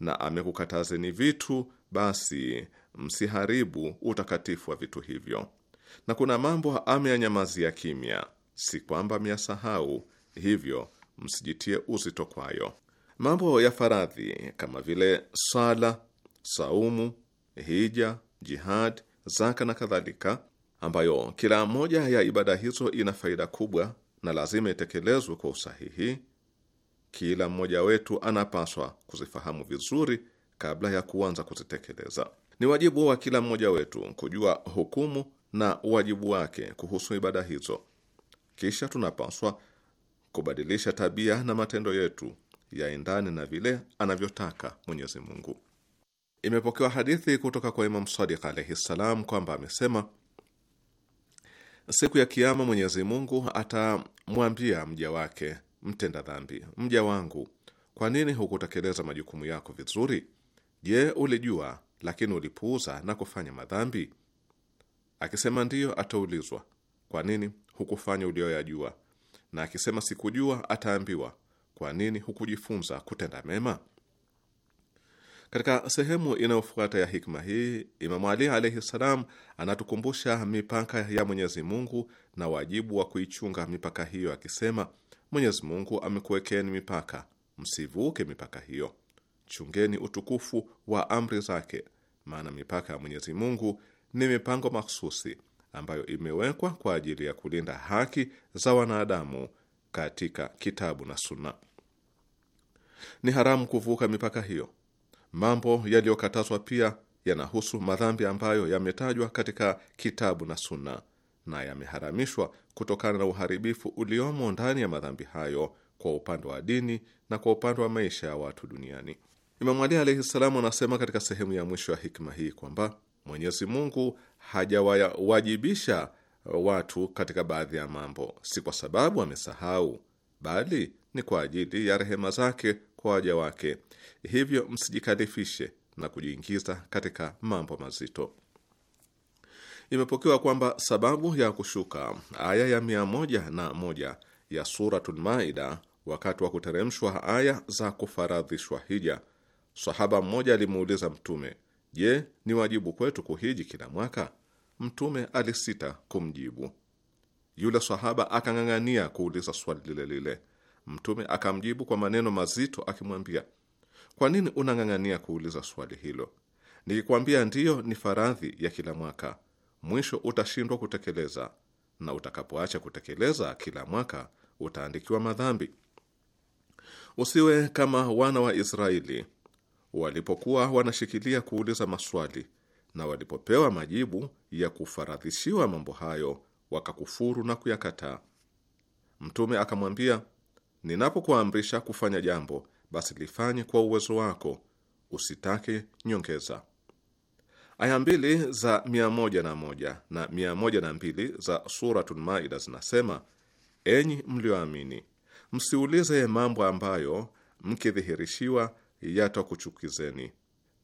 na amekukatazeni vitu, basi msiharibu utakatifu wa vitu hivyo. Na kuna mambo ameyanyamazia kimya, si kwamba miasahau hivyo msijitie uzito kwayo. Mambo ya faradhi kama vile sala, saumu, hija, jihad, zaka na kadhalika, ambayo kila moja ya ibada hizo ina faida kubwa na lazima itekelezwe kwa usahihi. Kila mmoja wetu anapaswa kuzifahamu vizuri kabla ya kuanza kuzitekeleza. Ni wajibu wa kila mmoja wetu kujua hukumu na wajibu wake kuhusu ibada hizo. Kisha tunapaswa kubadilisha tabia na matendo yetu yaendane na vile anavyotaka Mwenyezi Mungu. Imepokewa hadithi kutoka kwa Imam Sadiq alaihi ssalam kwamba amesema, siku ya Kiama Mwenyezi Mungu atamwambia mja wake mtenda dhambi, mja wangu, kwa nini hukutekeleza majukumu yako vizuri? Je, ulijua lakini ulipuuza na kufanya madhambi? Akisema ndiyo, ataulizwa kwa nini hukufanya ulioyajua, na akisema sikujua, ataambiwa kwa nini hukujifunza kutenda mema? Katika sehemu inayofuata ya hikma hii, Imamu Ali alaihi ssalam anatukumbusha mipaka ya Mwenyezi Mungu na wajibu wa kuichunga mipaka hiyo, akisema Mwenyezi Mungu amekuwekeni mipaka, msivuke mipaka hiyo. Chungeni utukufu wa amri zake maana mipaka ya Mwenyezi Mungu ni mipango mahsusi ambayo imewekwa kwa ajili ya kulinda haki za wanadamu katika kitabu na Sunna. Ni haramu kuvuka mipaka hiyo. Mambo yaliyokatazwa pia yanahusu madhambi ambayo yametajwa katika kitabu na Sunna na yameharamishwa kutokana na uharibifu uliomo ndani ya madhambi hayo kwa upande wa dini na kwa upande wa maisha ya watu duniani. Imamu Ali alaihi salamu anasema katika sehemu ya mwisho ya hikma hii kwamba Mwenyezi Mungu hajawajibisha watu katika baadhi ya mambo, si kwa sababu amesahau, bali ni kwa ajili ya rehema zake kwa waja wake. Hivyo msijikalifishe na kujiingiza katika mambo mazito. Imepokewa kwamba sababu ya kushuka aya ya mia moja na moja ya Suratul Maida wakati wa kuteremshwa aya za kufaradhishwa hija Sahaba mmoja alimuuliza Mtume, je, ni wajibu kwetu kuhiji kila mwaka? Mtume alisita kumjibu. Yule sahaba akang'ang'ania kuuliza swali lile lile. Mtume akamjibu kwa maneno mazito akimwambia, kwa nini unang'ang'ania kuuliza swali hilo? Nikikwambia ndiyo, ni faradhi ya kila mwaka, mwisho utashindwa kutekeleza, na utakapoacha kutekeleza kila mwaka utaandikiwa madhambi. Usiwe kama wana wa Israeli walipokuwa wanashikilia kuuliza maswali na walipopewa majibu ya kufaradhishiwa mambo hayo wakakufuru na kuyakataa. Mtume akamwambia, ninapokuamrisha kufanya jambo, basi lifanye kwa uwezo wako, usitake nyongeza. Aya mbili za mia moja na moja na mia moja na mbili za Suratul Maida zinasema: enyi mlioamini, msiulize mambo ambayo mkidhihirishiwa yatakuchukizeni,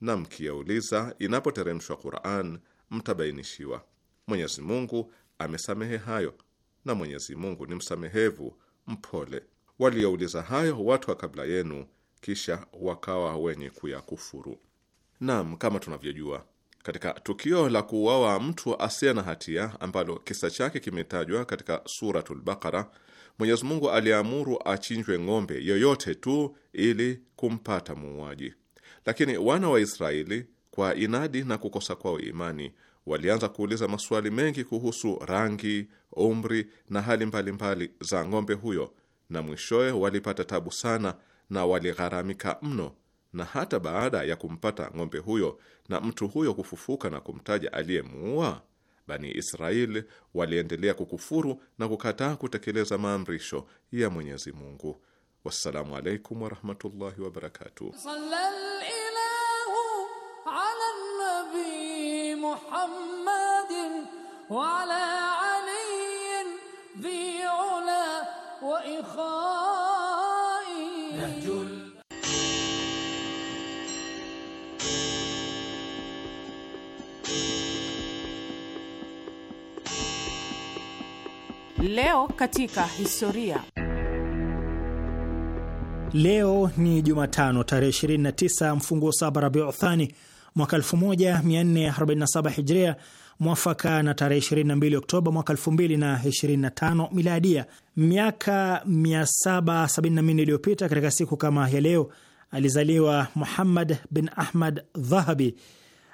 na mkiyauliza inapoteremshwa Qur'an mtabainishiwa. Mwenyezi Mungu amesamehe hayo, na Mwenyezi Mungu ni msamehevu mpole. Waliouliza hayo watu wa kabla yenu, kisha wakawa wenye kuyakufuru. Naam, kama tunavyojua katika tukio la kuuawa mtu asiye na hatia ambalo kisa chake kimetajwa katika Suratul Baqara, Mwenyezi Mungu aliamuru achinjwe ng'ombe yoyote tu ili kumpata muuaji, lakini wana wa Israeli kwa inadi na kukosa kwao imani walianza kuuliza maswali mengi kuhusu rangi, umri na hali mbalimbali mbali za ng'ombe huyo, na mwishowe walipata tabu sana na waligharamika mno. Na hata baada ya kumpata ng'ombe huyo na mtu huyo kufufuka na kumtaja aliyemuua, Bani israel waliendelea kukufuru na kukataa kutekeleza maamrisho ya Mwenyezi Mungu. Wassalamu alaikum warahmatullahi wabarakatuh. Muhammadin wa ala Leo katika historia. Leo ni Jumatano tarehe 29 mfunguo saba Rabiu Thani mwaka 1447 Hijria, mwafaka na tarehe 22 Oktoba mwaka 2025 Miladia. Miaka 774 iliyopita katika siku kama ya leo alizaliwa Muhammad bin Ahmad Dhahabi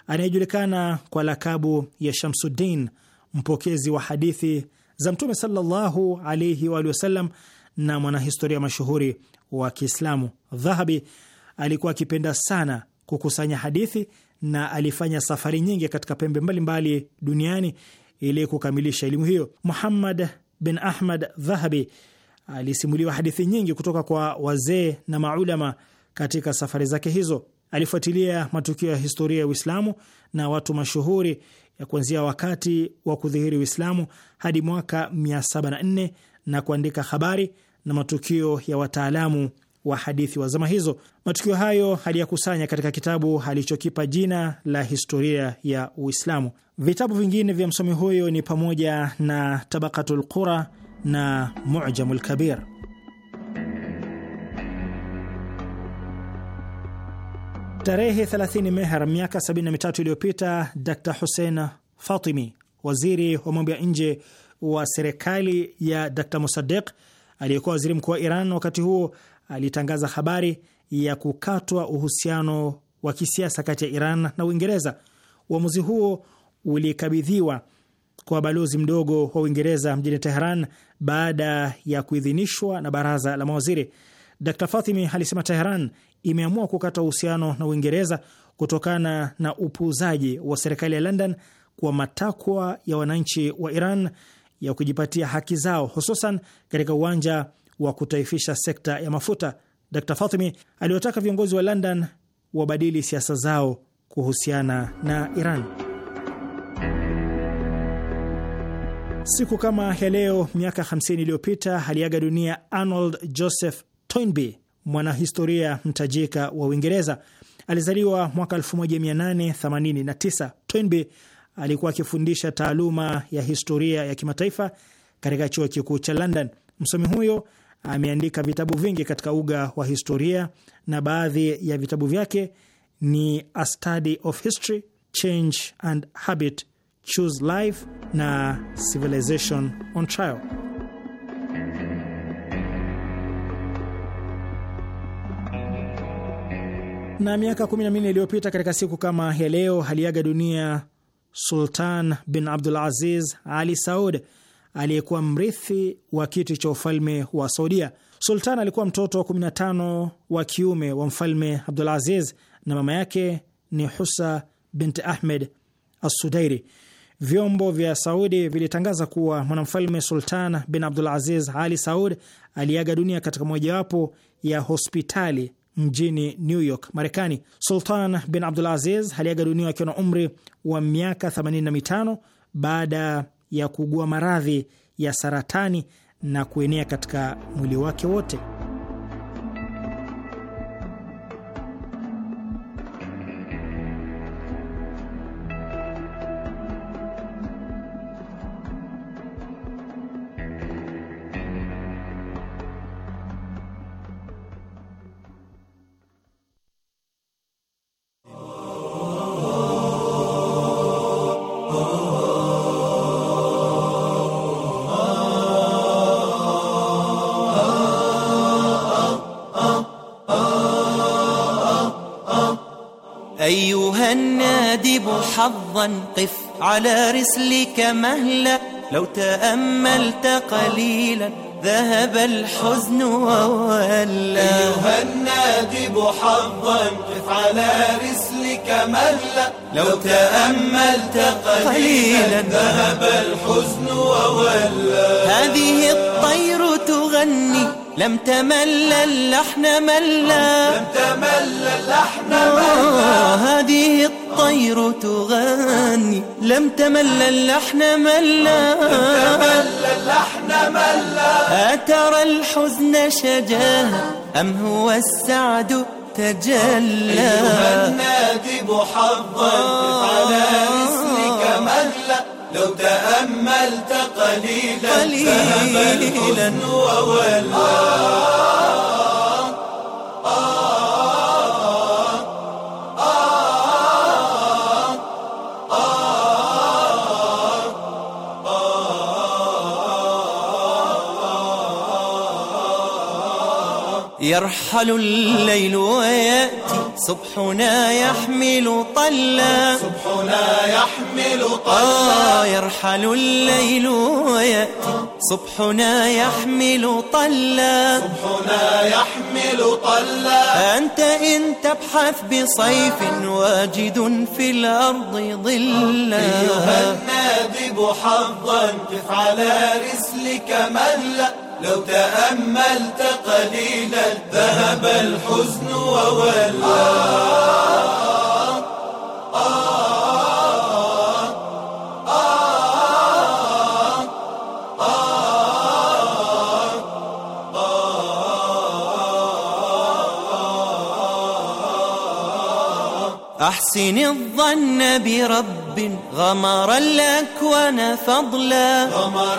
anayejulikana kwa lakabu ya Shamsuddin, mpokezi wa hadithi za Mtume sallallahu alaihi wa sallam na mwanahistoria mashuhuri wa Kiislamu. Dhahabi alikuwa akipenda sana kukusanya hadithi na alifanya safari nyingi katika pembe mbalimbali mbali duniani ili kukamilisha elimu hiyo. Muhammad bin Ahmad Dhahabi alisimuliwa hadithi nyingi kutoka kwa wazee na maulama katika safari zake hizo. Alifuatilia matukio ya historia ya Uislamu na watu mashuhuri ya kuanzia wakati wa kudhihiri Uislamu hadi mwaka 704 na kuandika habari na matukio ya wataalamu wa hadithi wa zama hizo. Matukio hayo aliyakusanya katika kitabu alichokipa jina la Historia ya Uislamu. Vitabu vingine vya msomi huyo ni pamoja na Tabakatul Qura na Mujamul Kabir. Tarehe 30 Meher miaka 73 iliyopita, Dr Hussein Fatimi, waziri wa mambo ya nje wa serikali ya Dr Musadik aliyekuwa waziri mkuu wa Iran wakati huo, alitangaza habari ya kukatwa uhusiano wa kisiasa kati ya Iran na Uingereza. Uamuzi huo ulikabidhiwa kwa balozi mdogo wa Uingereza mjini Teheran baada ya kuidhinishwa na baraza la mawaziri. Dr Fatimi alisema Teheran imeamua kukata uhusiano na Uingereza kutokana na upuuzaji wa serikali ya London kwa matakwa ya wananchi wa Iran ya kujipatia haki zao hususan katika uwanja wa kutaifisha sekta ya mafuta. Dr Fathimi aliwataka viongozi wa London wabadili siasa zao kuhusiana na Iran. Siku kama ya leo miaka 50 iliyopita aliaga dunia Arnold Joseph Toynbee, mwanahistoria mtajika wa Uingereza. Alizaliwa mwaka 1889. Toynbee alikuwa akifundisha taaluma ya historia ya kimataifa katika chuo kikuu cha London. Msomi huyo ameandika vitabu vingi katika uga wa historia na baadhi ya vitabu vyake ni A Study of History, Change and Habit, Choose Life na Civilization on Trial. Na miaka minne iliyopita katika siku kama ya leo aliaga dunia Sultan bin aziz Ali Saud aliyekuwa mrithi wa kiti cha ufalme wa Saudia. Sultan alikuwa mtoto wa 15 wa kiume wa mfalme abdul aziz na mama yake ni Husa bint Ahmed Assudairi. Vyombo vya Saudi vilitangaza kuwa mwanamfalme Sultan bin aziz Ali Saud aliaga dunia katika mojawapo ya hospitali mjini New York, Marekani. Sultan bin abdul aziz aliaga dunia akiwa na umri wa miaka 85 baada ya kuugua maradhi ya saratani na kuenea katika mwili wake wote. قف على رسلك مهلا لو تأملت قليلا ذهب الحزن وولى أيها النادب حظا قف على رسلك مهلا لو تأملت قليلا ذهب الحزن وولى هذه الطير تغني لم تمل اللحن ملا لم تمل اللحن ملا هذه الطير تغني لم تمل اللحن ملا لم تمل اللحن ملا أترى الحزن شجاها أم هو السعد تجلى أيها النادب حظا على لو تأملت قليلا, قليلا فهم الحزن وولى آه آه آه يرحل الليل ويأتي صبحنا يحمل طلا صبحنا يحمل طلا آه، يرحل الليل ويأتي صبحنا يحمل طلا صبحنا يحمل طلا أنت إن تبحث بصيف واجد في الأرض ظلا أيها النادب حظا قف على رسلك ملا لو تأملت قليلا ذهب الحزن وولى أحسن الظن برب غمر الأكوان فضلا غمر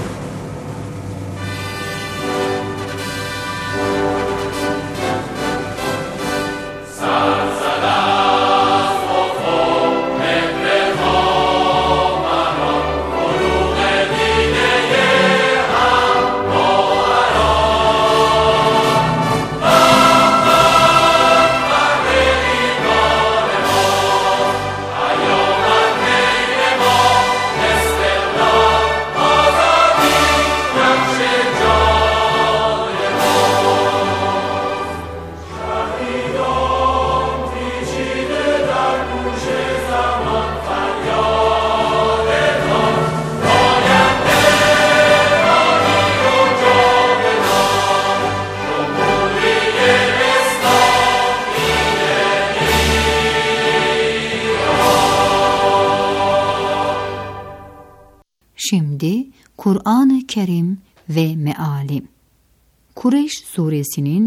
Sinin,